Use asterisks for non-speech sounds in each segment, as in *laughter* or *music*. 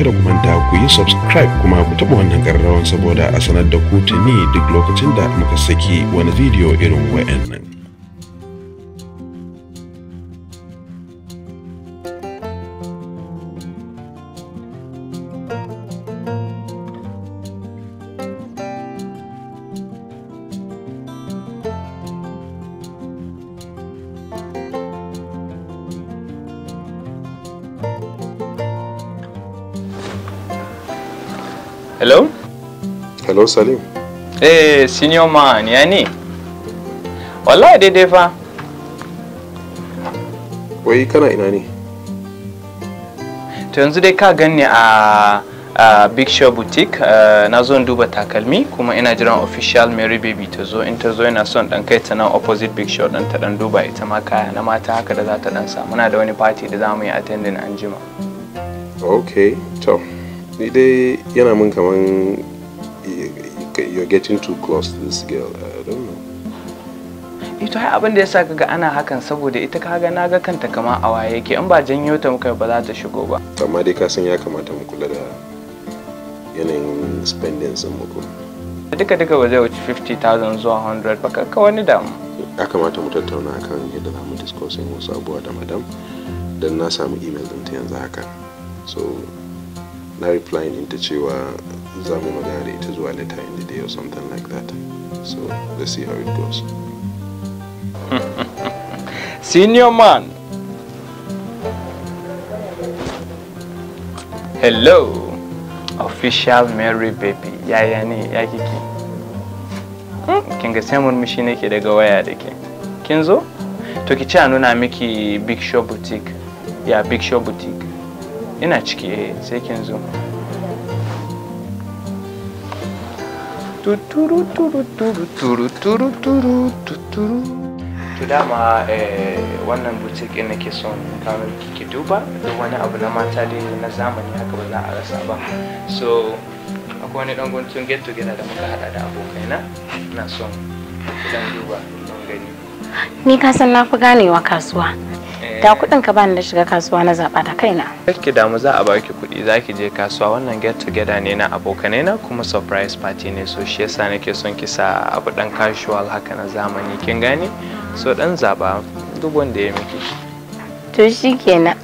kada ku manta ku yi subscribe kuma ku taɓa wannan ƙararrawan saboda a sanar da ku tuni duk lokacin da muka saki wani bidiyo irin wa'annan. Hello? Hello Salim. Eh, hey, senior man, ya ne? Wallahi daidai fa. Wai kana ina ne? To yanzu dai ka ganni a a Big Show Boutique eh, na zo duba takalmi kuma ina jiran official Mary Baby ta zo in ta zo yana son dan kai ta nan opposite Big Show dan ta dan duba ita ma kaya na mata haka da za ta dan muna da wani party da za mu yi attending anjima. Okay, to. ni dai yana min kaman you're getting too close to this girl i don't know ita ai abin da yasa kaga ana hakan saboda ita kaga naga kanta kama a waye yake in ba janyo ta muka ba za ta shigo ba amma dai ka san ya kamata mu kula da yanayin spending sun muku duka duka ba zai wuce 50,000 zuwa 100 ba kakka wani damu ya kamata mu tattauna kan yadda za mu discussing wasu abubuwa da madam don na samu email ɗinta yanzu haka so na replying into cewa Zamu Magari magana da ita zuwa in the day or something like that so let's see how it goes *laughs* senior man hello official mary baby yaya ne ya kike kin ga samun mishi nake daga waya da ke kin zo na miki big show boutique ya yeah, big show boutique ina ciki eh sai kin zo tuturu turu tuturu turu tuturu turu tuturu to dama eh, wannan butikin ɗin nake son kawo ki duba don wani abu na mata dai na zamani haka ba za a rasa ba so akwai wani ɗan guntun get together da muka hada da abokaina ina son ku dan duba don gani ni ka san na fi ganewa kasuwa da kuɗin ka bani na shiga kasuwa na zaɓa da kaina ki damu za a baki kuɗi za ki je kasuwa wannan get together ne na abokanai na kuma surprise party ne so shi yasa nake son ki sa abu dan casual haka na zamani kin gane so dan zaɓa duk wanda ya miki to shikenan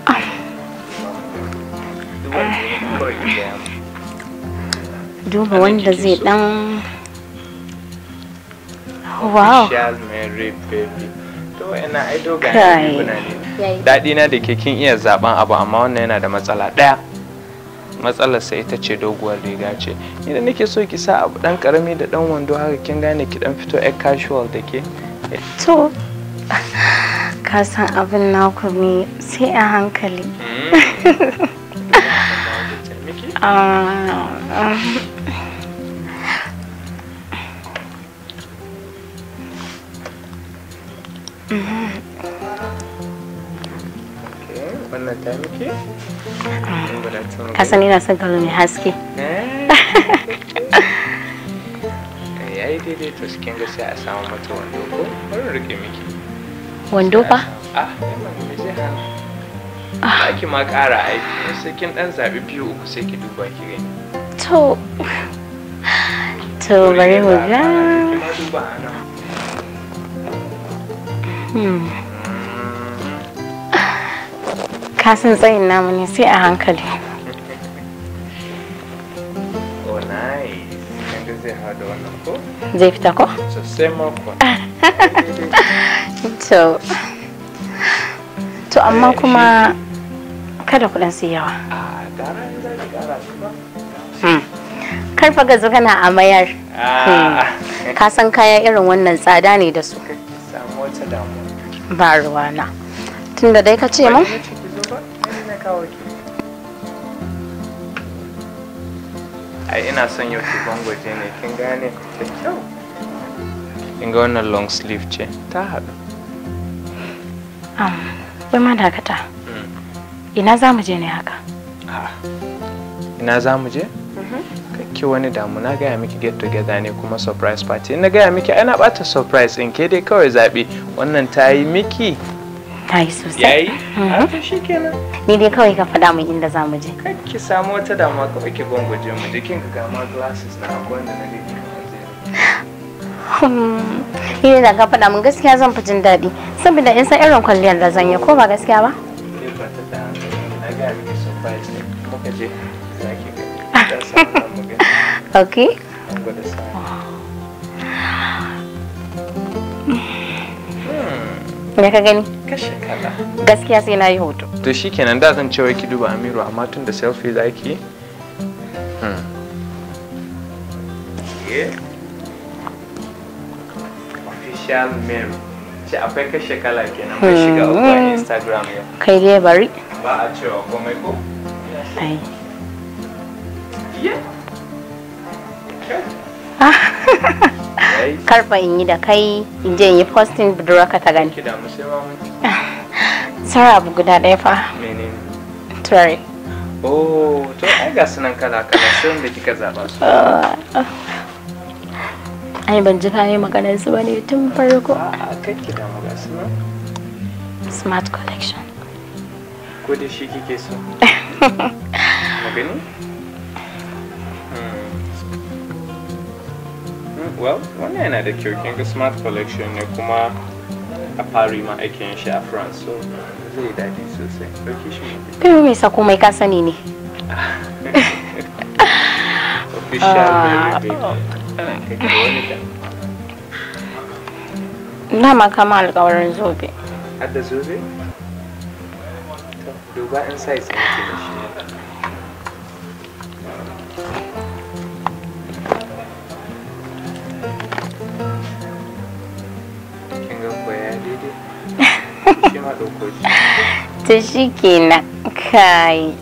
duba wanda zai dan wow to daɗi na da ke kin iya zaben abu amma wannan yana da matsala ɗaya matsalar sa ita ce doguwar riga ce idan nake so ki sa abu dan karami da dan wando haka kin gane ki dan fito a casual da ke to ka san abin naku ne sai a hankali hmm. *laughs* ka san ina son kalo mai haske ya *laughs* yi eh, daidai to cikin a samu mata wando ko rike miki wando fa ah yana mai jiha ba ah. ki ma aiki sai kin dan zabi biyu uku sai ki duba ki gani to to bari mu ga Hmm. ka san tsayin namu ne sai a hankali oh, zai fita ko? *laughs* to to amma eh, kuma kada kuɗin su yawa karfa ga na a mayar ka san kaya irin wannan tsada ne da su ba ruwa na tunda dai ka ce mun kawai ai ina son yau ki gwangwaje ne kin gane da kyau kin ga wannan long sleeve ce ta haɗu wai ma dakata hmm. ina za mu je ne haka ah, ina za mu je mhm. ki wani damu na gaya miki get together ne kuma surprise party na gaya miki ana bata surprise in ke dai kawai zaɓi wannan ta yi miki ta yi sosai yayi mm. haka ah, shi kenan ni dai kawai ka faɗa min inda za mu je kai ki samu wata dama kawai ki gwangwaje mu je kin ga ma glasses na akwai wanda na hmm. dai Ni ne da ka faɗa min gaskiya zan fi jin daɗi saboda in san irin kwalliyar da zan yi ko ba gaskiya ba? *laughs* Okay. Ya hmm. ka gani? kashe kala gaskiya sai na yi hoto to shi kenan da zan cewa ki duba amiru amma tun da selfie za ki hmm. official meme ce akwai kashe kala kenan mai shiga uku a hmm. instagram ya kai dai bari ba a cewa komai ko ai yeah. *laughs* Okay. karfa in yi da kai in je in yi posting ka ta gani *laughs* sara abu guda ɗaya fa turare oh to ai ga sunan kala kala sai wanda kika zaba su ah. ai ban ji kayan magana su bane tun farko a kai ki damu ga sunan smart collection ko da shi kike so *laughs* magani well wannan yana da kyau kinga smart collection ne kuma a fari ma ake yin shi a france so zai daɗi sosai ɗauki shi kai mai sa komai ka sani ne *laughs* ah. na ma kama alkawarin zobe har da zobe duba in size ne ke da shi ma ɗauko shi kenan kai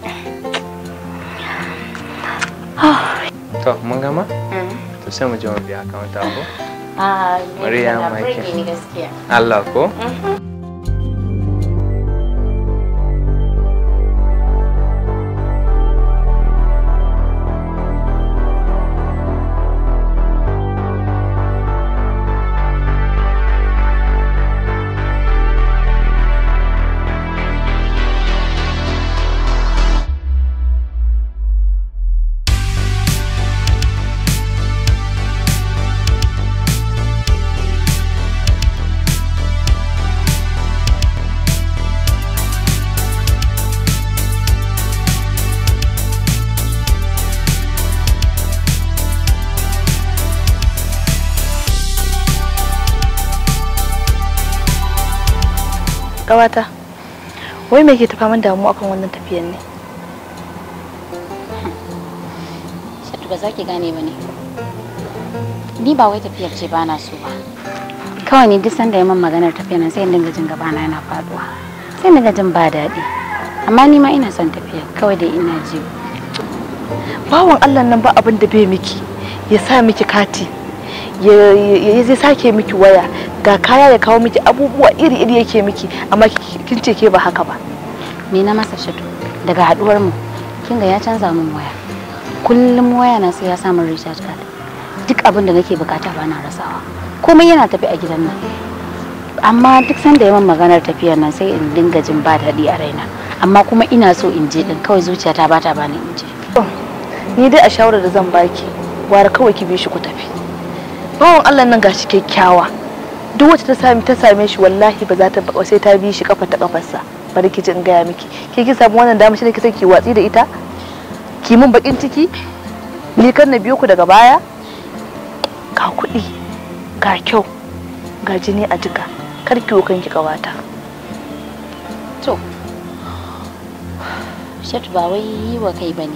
to mun gama to sai mu je mu biya kamata ko Maria Michael. Allah ko? Kawata, wai me ke tafa min damu akan wannan tafiyan ne? Shatu ba za ki gane ba ne. Ni ba wai tafiyar ce ba na so ba. Kawai ni duk sanda ya min maganar tafiyar nan sai in dinga jin gabana yana faduwa. Sai in dinga jin ba daɗi. Amma ni ma ina son tafiyar kawai dai ina ji. Bawan Allah nan ba abin da bai miki ya sa miki kati ya zai sake miki waya ga kaya ya kawo miki abubuwa iri-iri yake miki amma kin ce ke ba haka ba me na masa shato? daga haduwar mu kin ga ya canza min waya kullum waya na sai ya sa min recharge card duk abin da nake bukata ba na rasawa komai yana tafi a gidan nan amma duk sanda yawan maganar tafiyar nan sai in dinga jin ba daɗi a raina amma kuma ina so in je din kawai zuciyata ba ta bani in je ni dai a shawarar da zan baki gwara kawai ki bi shi ku tafi bawan Allah nan ga gashi kyakkyawa duk wacce ta sami ta same shi wallahi ba za ta ba sai ta bi shi kafa ta kafarsa bari ki ji in gaya miki ki ki samu wannan dama shi ne ki ki watsi da ita ki mun bakin ciki ni kan na biyo ku daga baya ga kuɗi ga kyau ga jini a jika kar ki kan ki kawata to shatu ba wai yi wa kai bane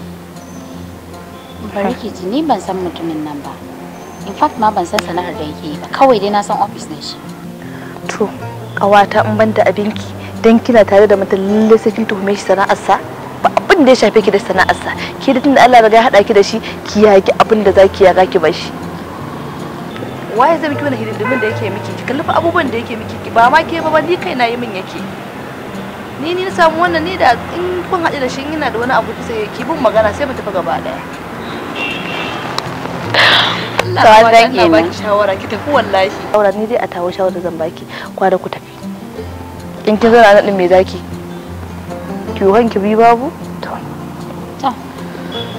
bari ki ji ni ban san mutumin nan ba in fact ma ban san sana'ar da yake ba kawai dai na san office din shi to kawata in banda abinki dan kina tare da mutum lalle sai kin tuhume shi sa ba abin da ya shafe ki da sana'ar sa ki da tunda Allah ya hada ki da shi ki yaki abin da zaki ya ki ba shi waye zai miki wannan hidindimin da yake miki ki kalli abubuwan da yake miki ba ma ke ba ni kai na yi min yake ni ni na samu wannan ni da in kun haɗu da shi ina da wani abu sai ki bin magana sai mu tafi gaba daya hutawa zan yi nan shawara ki tafi wallahi shawara ni dai a tawo shawara zan baki kwana ku tafi in ki zara nan me zaki ki yohan ki bi babu to to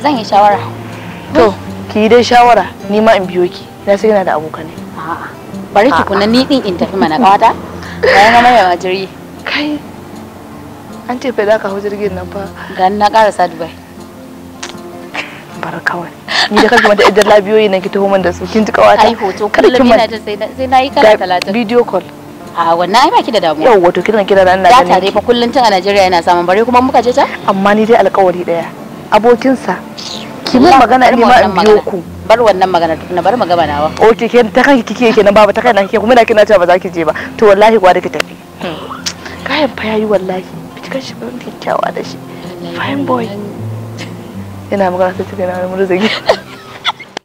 zan yi shawara to ki yi dai shawara ni ma in biyo ki na sai yana da abokanai a'a bari ki kuna ni din in tafi mana kawata bayan gama mai majiri kai an ce fa za ka hau jirgin nan fa ga na karasa dubai bar ni da kanka da idan labiyoyi nan ki taho man da su kin ji kawata ai hoto kullum ina jin sai sai nayi kana talatin video call a wannan ai baki da damu yau wato kina kira nan na gani data fa kullun tun a Najeriya yana samun bare kuma muka je ta amma ni dai alƙawari daya abokinsa ki mun magana ni ma in biyo ku bar wannan magana na bar magana nawa okay ke ta kanki kike nan baba ta kaina kike kuma na kina cewa ba za ki je ba to wallahi gwa da ki tafi hmm. kayan fa yayi wallahi kika shi ban kikkiawa da shi fine boy Yine bu kadar seçip yine ömrü zeki.